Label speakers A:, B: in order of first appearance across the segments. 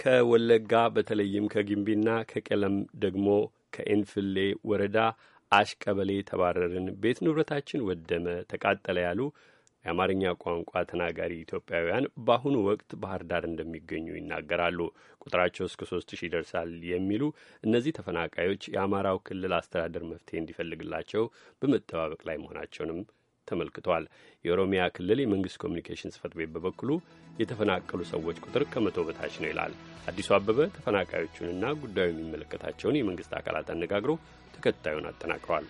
A: ከወለጋ በተለይም ከግንቢና ከቀለም ደግሞ ከኤንፍሌ ወረዳ አሽቀበሌ ተባረርን፣ ቤት ንብረታችን ወደመ፣ ተቃጠለ ያሉ የአማርኛ ቋንቋ ተናጋሪ ኢትዮጵያውያን በአሁኑ ወቅት ባህር ዳር እንደሚገኙ ይናገራሉ። ቁጥራቸው እስከ ሶስት ሺህ ይደርሳል የሚሉ እነዚህ ተፈናቃዮች የአማራው ክልል አስተዳደር መፍትሄ እንዲፈልግላቸው በመጠባበቅ ላይ መሆናቸውንም ተመልክቷል። የኦሮሚያ ክልል የመንግሥት ኮሚኒኬሽን ጽፈት ቤት በበኩሉ የተፈናቀሉ ሰዎች ቁጥር ከመቶ በታች ነው ይላል። አዲሱ አበበ ተፈናቃዮቹንና ጉዳዩ የሚመለከታቸውን የመንግሥት አካላት አነጋግሮ ተከታዩን አጠናቅረዋል።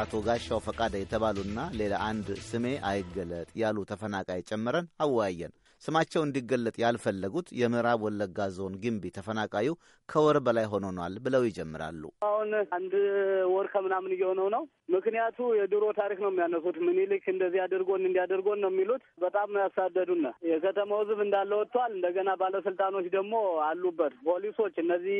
A: አቶ ጋሻው ፈቃደ የተባሉና ሌላ አንድ ስሜ አይገለጥ ያሉ ተፈናቃይ ጨምረን አወያየን። ስማቸው እንዲገለጥ ያልፈለጉት የምዕራብ ወለጋ ዞን ግንቢ ተፈናቃዩ ከወር በላይ ሆኖናል ብለው ይጀምራሉ።
B: አሁን አንድ ወር ከምናምን እየሆነው ነው። ምክንያቱ የድሮ ታሪክ ነው የሚያነሱት። ምኒልክ እንደዚህ አድርጎን እንዲያደርጎን ነው የሚሉት። በጣም ያሳደዱነ ያሳደዱን። የከተማው ሕዝብ እንዳለ ወጥቷል። እንደገና ባለስልጣኖች ደግሞ አሉበት። ፖሊሶች፣ እነዚህ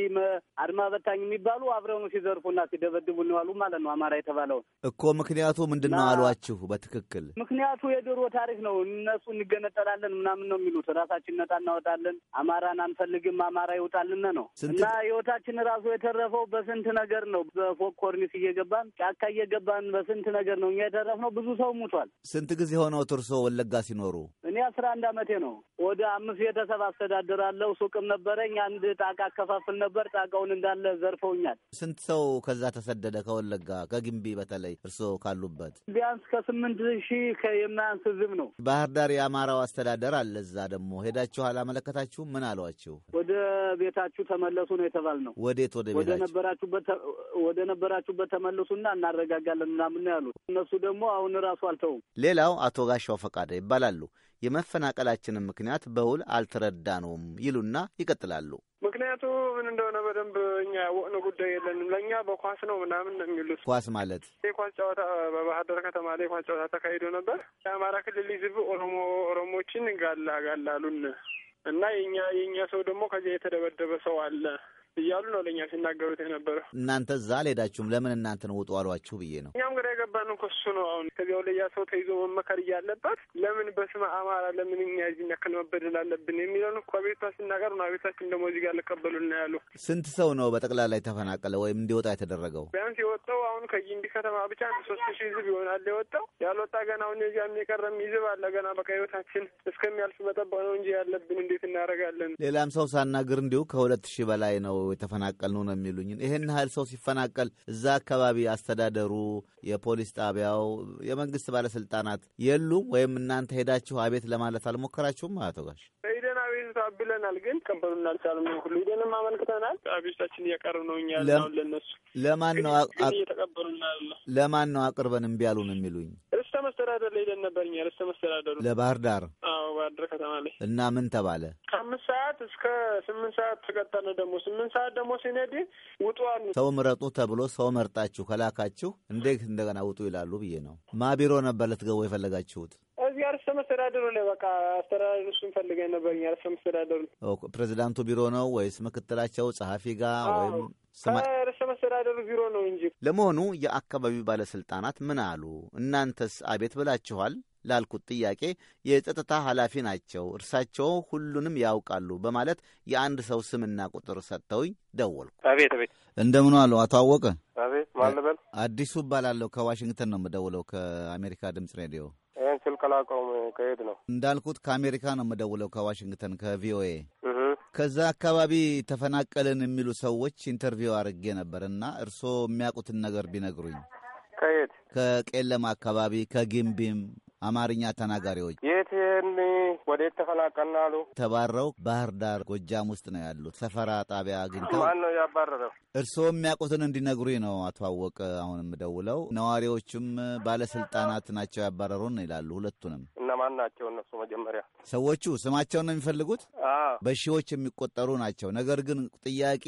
B: አድማ በታኝ የሚባሉ አብረኑ ሲዘርፉና ሲደበድቡ ዋሉ ማለት ነው። አማራ የተባለውን
A: እኮ ምክንያቱ ምንድን ነው አሏችሁ? በትክክል
B: ምክንያቱ የድሮ ታሪክ ነው። እነሱ እንገነጠላለን ምናምን ነው የሚሉት። ራሳችን ነጣ እናወጣለን፣ አማራን አንፈልግም፣ አማራ ይወጣልን ነው እና ህይወታችን ራሱ የተረፈው በስንት ነገር ነው። በፎቅ ኮርኒስ እየገባን ጫካ እየገባን በስንት ነገር ነው እኛ የተረፍነው። ብዙ ሰው ሙቷል።
A: ስንት ጊዜ ሆነው እርሶ ወለጋ ሲኖሩ?
B: እኔ አስራ አንድ አመቴ ነው። ወደ አምስት ቤተሰብ አስተዳድራለሁ። ሱቅም ነበረኝ። አንድ ጣቃ አከፋፍል ነበር። ጣቃውን እንዳለ ዘርፈውኛል።
A: ስንት ሰው ከዛ ተሰደደ? ከወለጋ ከግንቢ በተለይ እርስዎ ካሉበት
B: ቢያንስ ከስምንት ሺህ የማያንስ ህዝብ ነው።
A: ባህር ዳር የአማራው አስተዳደር አለ እዛ ደግሞ ሄዳችሁ አላመለከታችሁም? ምን አሏችሁ?
B: ወደ ቤታችሁ ተመለሱ ነው የተባልነው።
A: ወዴት? ወደ ቤታችሁ
B: ወደ ነበራችሁበት ተመለሱና እናረጋጋለን ምናምን ያሉት እነሱ ደግሞ አሁን እራሱ አልተውም።
A: ሌላው አቶ ጋሻው ፈቃደ ይባላሉ። የመፈናቀላችንን ምክንያት በውል አልተረዳነውም ይሉና
C: ይቀጥላሉ። ምክንያቱ ምን እንደሆነ በደንብ እኛ ያወቅነው ጉዳይ የለንም። ለእኛ በኳስ ነው ምናምን ነው የሚሉት። ኳስ ማለት የኳስ ጨዋታ በባህር ዳር ከተማ ላይ የኳስ ጨዋታ ተካሂዶ ነበር። የአማራ ክልል ህዝብ ኦሮሞ ኦሮሞችን ጋላ ጋላሉን እና የኛ የእኛ ሰው ደግሞ ከዚያ የተደበደበ ሰው አለ እያሉ ነው ለእኛ ሲናገሩት የነበረ።
A: እናንተ እዛ አልሄዳችሁም? ለምን እናንተ ነው ውጡ አሏችሁ ብዬ ነው።
C: እኛም ግራ የገባን እኮ እሱ ነው። አሁን ከዚያ ወደያ ሰው ተይዞ መመከር እያለበት ለምን በስመ አማራ ለምን እኛ እዚህ ያክል መበደል አለብን የሚለውን እኮ ቤቷ ሲናገር ነው። ቤታችን ደግሞ እዚህ ጋር ልቀበሉን ነው ያሉ።
A: ስንት ሰው ነው በጠቅላላ የተፈናቀለ ወይም እንዲወጣ የተደረገው?
C: ቢያንስ የወጣው አሁን ከጊንቢ ከተማ ብቻ አንድ ሶስት ሺህ ህዝብ ይሆናል የወጣው። ያልወጣ ገና አሁን እዚያም የቀረም ይዝብ አለ። ገና በቃ ህይወታችን እስከሚያልፍ መጠበቅ ነው እንጂ ያለብን እንዴት እናደርጋለን?
A: ሌላም ሰው ሳናግር እንዲሁ ከሁለት ሺህ በላይ ነው የተፈናቀል ነው ነው የሚሉኝ። ይህን ያህል ሰው ሲፈናቀል እዛ አካባቢ አስተዳደሩ፣ የፖሊስ ጣቢያው፣ የመንግስት ባለስልጣናት የሉም ወይም እናንተ ሄዳችሁ አቤት ለማለት አልሞከራችሁም? አቶ ጋሽ
C: ብለናል፣ ግን ቀበሉን አልቻሉም። ሁሉ ሂደንም አመልክተናል። አቤቱታችን እያቀርብ ነው። እኛ አሁን ለነሱ ለማን ነው እየተቀበሉና
A: ለማን ነው አቅርበን እምቢ አሉን የሚሉኝ?
C: ርዕሰ መስተዳደር ላይ ሄደን ነበር እኛ ርዕሰ መስተዳደሩ ለባህር ዳር። አዎ ባህር ዳር ከተማ ላይ
A: እና ምን ተባለ?
C: ከአምስት ሰዓት እስከ ስምንት ሰዓት ተቀጠነ። ደግሞ ስምንት ሰዓት ደግሞ ሲነድ ውጡ ሰው ምረጡ
A: ተብሎ ሰው መርጣችሁ ከላካችሁ እንዴት እንደገና ውጡ ይላሉ ብዬ ነው። ማ ቢሮ ነበር ልትገቡ የፈለጋችሁት?
C: መስተዳደሩ ላይ በቃ አስተዳደሩ እሱን ፈልገን ነበር እኛ ርዕሰ መስተዳደሩ
A: ፕሬዚዳንቱ ቢሮ ነው ወይስ ምክትላቸው ጸሐፊ ጋር ወይም
C: ርዕሰ መስተዳደሩ ቢሮ ነው እንጂ።
A: ለመሆኑ የአካባቢው ባለስልጣናት ምን አሉ? እናንተስ አቤት ብላችኋል? ላልኩት ጥያቄ የጸጥታ ኃላፊ ናቸው እርሳቸው ሁሉንም ያውቃሉ በማለት የአንድ ሰው ስምና ቁጥር ሰጥተውኝ ደወልኩ። አቤት አቤት፣ እንደምን አሉ አቶ አወቀ?
D: አቤት፣ ማን ልበል?
A: አዲሱ እባላለሁ ከዋሽንግተን ነው የምደውለው ከአሜሪካ ድምጽ ሬዲዮ።
D: የተቀላቀሉም ከሄድ ነው
A: እንዳልኩት ከአሜሪካ ነው የምደውለው ከዋሽንግተን ከቪኦኤ ከዛ አካባቢ ተፈናቀልን የሚሉ ሰዎች ኢንተርቪው አድርጌ ነበር እና እርስዎ የሚያውቁትን ነገር ቢነግሩኝ። ከየት ከቄለም አካባቢ ከጊምቢም አማርኛ ተናጋሪዎች
D: የትን ወዴት ተፈናቀናሉ?
A: ተባረው ባህር ዳር ጎጃም ውስጥ ነው ያሉት። ሰፈራ ጣቢያ አግኝተው ማን
D: ነው ያባረረው?
A: እርስዎ የሚያውቁትን እንዲነግሩኝ ነው አቶ አወቀ። አሁን የምደውለው ነዋሪዎቹም ባለስልጣናት ናቸው ያባረሩን ይላሉ። ሁለቱንም
D: እነማን ናቸው እነሱ? መጀመሪያ
A: ሰዎቹ ስማቸውን ነው የሚፈልጉት። በሺዎች የሚቆጠሩ ናቸው። ነገር ግን ጥያቄ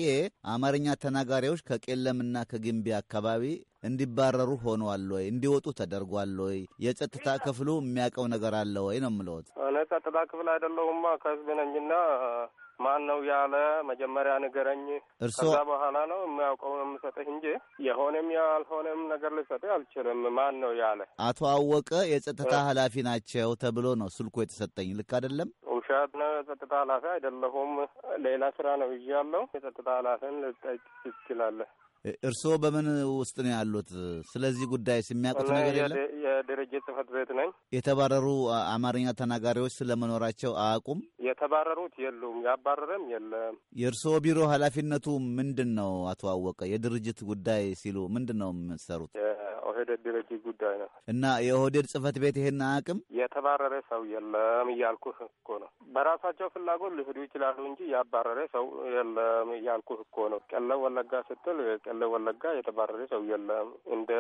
A: አማርኛ ተናጋሪዎች ከቄለምና ከግንቢ አካባቢ እንዲባረሩ ሆኗል ወይ? እንዲወጡ ተደርጓል ወይ? የጸጥታ ክፍሉ የሚያውቀው ነገር አለ ወይ ነው የምለውት።
D: እኔ ጸጥታ ክፍል አይደለሁማ ከህዝብ ነኝና ማን ነው ያለ መጀመሪያ ንገረኝ። ከዛ በኋላ ነው የሚያውቀው የምሰጥህ እንጂ የሆነም ያልሆነም ነገር ልሰጥህ አልችልም። ማን ነው ያለ?
A: አቶ አወቀ የጸጥታ ኃላፊ ናቸው ተብሎ ነው ስልኩ የተሰጠኝ። ልክ አይደለም።
D: ውሻት ነው። የጸጥታ ኃላፊ አይደለሁም። ሌላ ስራ ነው ይዤ ያለው። የጸጥታ ኃላፊን ልጠይቅ ትችላለህ።
A: እርስዎ በምን ውስጥ ነው ያሉት? ስለዚህ ጉዳይ የሚያውቁት ነገር የለም?
D: የድርጅት ጽህፈት ቤት ነኝ።
A: የተባረሩ አማርኛ ተናጋሪዎች ስለመኖራቸው አያውቁም?
D: የተባረሩት የሉም፣ ያባረረም የለም።
A: የእርስዎ ቢሮ ኃላፊነቱ ምንድን ነው? አተዋወቀ የድርጅት ጉዳይ ሲሉ ምንድን ነው የምትሰሩት?
D: የኦህዴድ ድርጅት ጉዳይ ነው
A: እና የኦህዴድ ጽህፈት ቤት ይሄን አያውቅም።
D: የተባረረ ሰው የለም እያልኩህ እኮ ነው። በራሳቸው ፍላጎት ሊሄዱ ይችላሉ እንጂ ያባረረ ሰው የለም እያልኩህ እኮ ነው። ቀለ ወለጋ ስትል ቀለ ወለጋ የተባረረ ሰው የለም። እንደ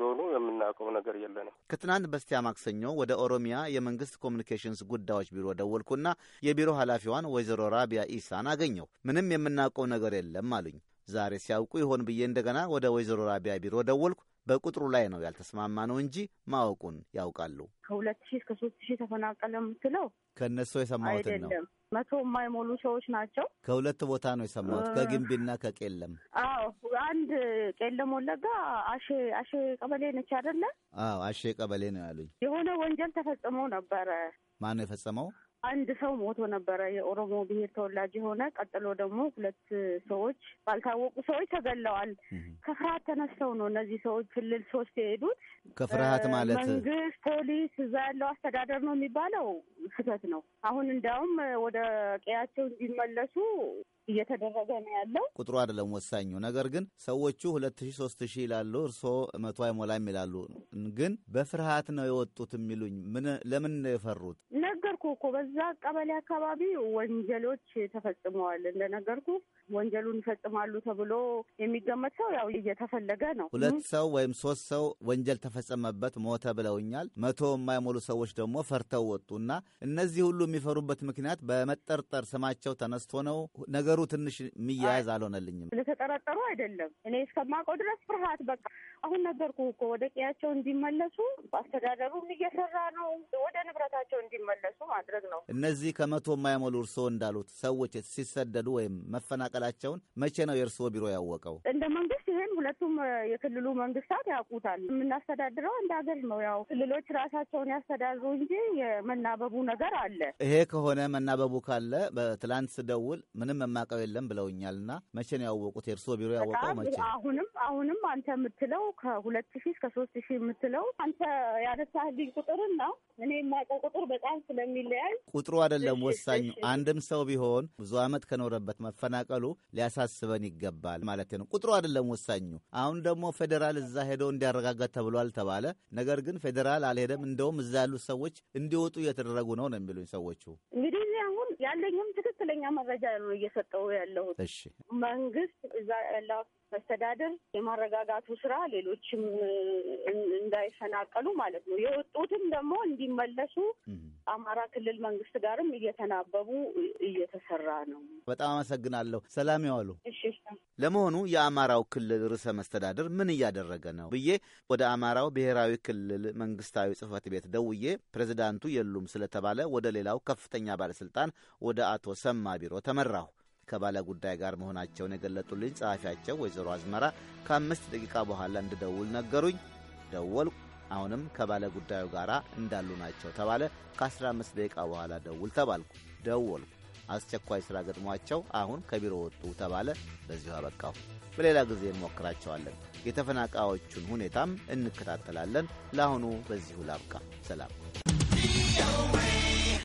D: ዞኑ የምናውቀው ነገር የለንም።
A: ከትናንት በስቲያ ማክሰኞ ወደ ኦሮሚያ የመንግስት ኮሚኒኬሽንስ ጉዳዮች ቢሮ ደወልኩና የቢሮ ኃላፊዋን ወይዘሮ ራቢያ ኢሳን አገኘው። ምንም የምናውቀው ነገር የለም አሉኝ። ዛሬ ሲያውቁ ይሆን ብዬ እንደገና ወደ ወይዘሮ ራቢያ ቢሮ ደወልኩ። በቁጥሩ ላይ ነው ያልተስማማ ነው እንጂ ማወቁን ያውቃሉ።
E: ከሁለት ሺህ እስከ ሶስት ሺህ ተፈናቀለ የምትለው
A: ከእነሱ የሰማሁትን ነው።
E: መቶ የማይሞሉ ሰዎች ናቸው።
A: ከሁለት ቦታ ነው የሰማሁት፣ ከግንቢና ከቄለም።
E: አዎ አንድ ቄለም ወለጋ አሼ አሼ ቀበሌ ነች አይደለ?
A: አዎ አሼ ቀበሌ ነው ያሉኝ።
E: የሆነ ወንጀል ተፈጽሞ ነበረ።
A: ማን ነው የፈጸመው?
E: አንድ ሰው ሞቶ ነበረ፣ የኦሮሞ ብሔር ተወላጅ የሆነ ቀጥሎ ደግሞ ሁለት ሰዎች ባልታወቁ ሰዎች ተገለዋል። ከፍርሃት ተነስተው ነው እነዚህ ሰዎች ክልል ሶስት የሄዱት። ከፍርሃት ማለት መንግስት፣ ፖሊስ፣ እዛ ያለው አስተዳደር ነው የሚባለው ስህተት ነው። አሁን እንዲያውም ወደ ቀያቸው እንዲመለሱ እየተደረገ ነው ያለው።
A: ቁጥሩ አይደለም ወሳኙ ነገር ግን ሰዎቹ ሁለት ሺ ሶስት ሺ ይላሉ፣ እርስዎ መቶ አይሞላም ይላሉ። ግን በፍርሃት ነው የወጡት የሚሉኝ። ምን ለምን ነው የፈሩት?
E: ነገርኩ እኮ በዛ ቀበሌ አካባቢ ወንጀሎች ተፈጽመዋል። እንደነገርኩ ወንጀሉን ይፈጽማሉ ተብሎ የሚገመት ሰው ያው እየተፈለገ ነው። ሁለት
A: ሰው ወይም ሶስት ሰው ወንጀል ተፈጸመበት ሞተ ብለውኛል። መቶ የማይሞሉ ሰዎች ደግሞ ፈርተው ወጡ እና እነዚህ ሁሉ የሚፈሩበት ምክንያት በመጠርጠር ስማቸው ተነስቶ ነው። ነገሩ ትንሽ የሚያያዝ አልሆነልኝም።
E: ስለተጠረጠሩ አይደለም እኔ እስከማውቀው ድረስ ፍርሃት በቃ አሁን ነገር እኮ ወደ ቀያቸው እንዲመለሱ አስተዳደሩም እየሰራ ነው፣ ወደ ንብረታቸው እንዲመለሱ ማድረግ ነው።
A: እነዚህ ከመቶ የማይሞሉ እርስዎ እንዳሉት ሰዎች ሲሰደዱ ወይም መፈናቀላቸውን መቼ ነው የእርስዎ ቢሮ ያወቀው?
E: እንደ መንግስት ይህን ሁለቱም የክልሉ መንግስታት ያውቁታል። የምናስተዳድረው እንደ ሀገር ነው። ያው ክልሎች ራሳቸውን ያስተዳድሩ እንጂ የመናበቡ ነገር አለ።
A: ይሄ ከሆነ መናበቡ ካለ በትላንት ስደውል ምንም መማቀብ የለም ብለውኛል። እና መቼ ነው ያወቁት? የእርስዎ ቢሮ ያወቀው መቼ?
E: አሁንም አሁንም አንተ የምትለው ከሁለት ሺ እስከ ሶስት ሺ የምትለው አንተ ያነሳህልኝ ቁጥር ነው። እኔ የማውቀው ቁጥር በጣም ስለሚለያይ
A: ቁጥሩ አይደለም ወሳኙ። አንድም ሰው ቢሆን ብዙ አመት ከኖረበት መፈናቀሉ ሊያሳስበን ይገባል ማለት ነው። ቁጥሩ አይደለም ወሳኙ። አሁን ደግሞ ፌዴራል እዛ ሄደው እንዲያረጋጋት ተብሏል ተባለ። ነገር ግን ፌዴራል አልሄደም። እንደውም እዛ ያሉት ሰዎች እንዲወጡ እየተደረጉ ነው ነው የሚሉኝ ሰዎቹ።
E: እንግዲህ አሁን ያለኝም ትክክለኛ መረጃ ነው እየሰጠው ያለሁት። እሺ መንግስት እዛ ያለው መስተዳደር የማረጋጋቱ ስራ ሌሎችም እንዳይፈናቀሉ ማለት ነው። የወጡትም ደግሞ እንዲመለሱ አማራ ክልል መንግስት ጋርም እየተናበቡ እየተሰራ ነው።
A: በጣም አመሰግናለሁ። ሰላም ይዋሉ። እሺ ለመሆኑ የአማራው ክልል ርዕሰ መስተዳድር ምን እያደረገ ነው ብዬ ወደ አማራው ብሔራዊ ክልል መንግስታዊ ጽህፈት ቤት ደውዬ ፕሬዚዳንቱ የሉም ስለተባለ ወደ ሌላው ከፍተኛ ባለሥልጣን ወደ አቶ ሰማ ቢሮ ተመራሁ። ከባለ ጉዳይ ጋር መሆናቸውን የገለጡልኝ ጸሐፊያቸው ወይዘሮ አዝመራ ከአምስት ደቂቃ በኋላ እንድደውል ነገሩኝ። ደወልኩ። አሁንም ከባለ ጉዳዩ ጋር እንዳሉ ናቸው ተባለ። ከ15 ደቂቃ በኋላ ደውል ተባልኩ። ደወልኩ። አስቸኳይ ስራ ገጥሟቸው አሁን ከቢሮ ወጡ ተባለ። በዚሁ አበቃሁ። በሌላ ጊዜ እንሞክራቸዋለን። የተፈናቃዮቹን ሁኔታም እንከታተላለን። ለአሁኑ በዚሁ ላብቃ። ሰላም።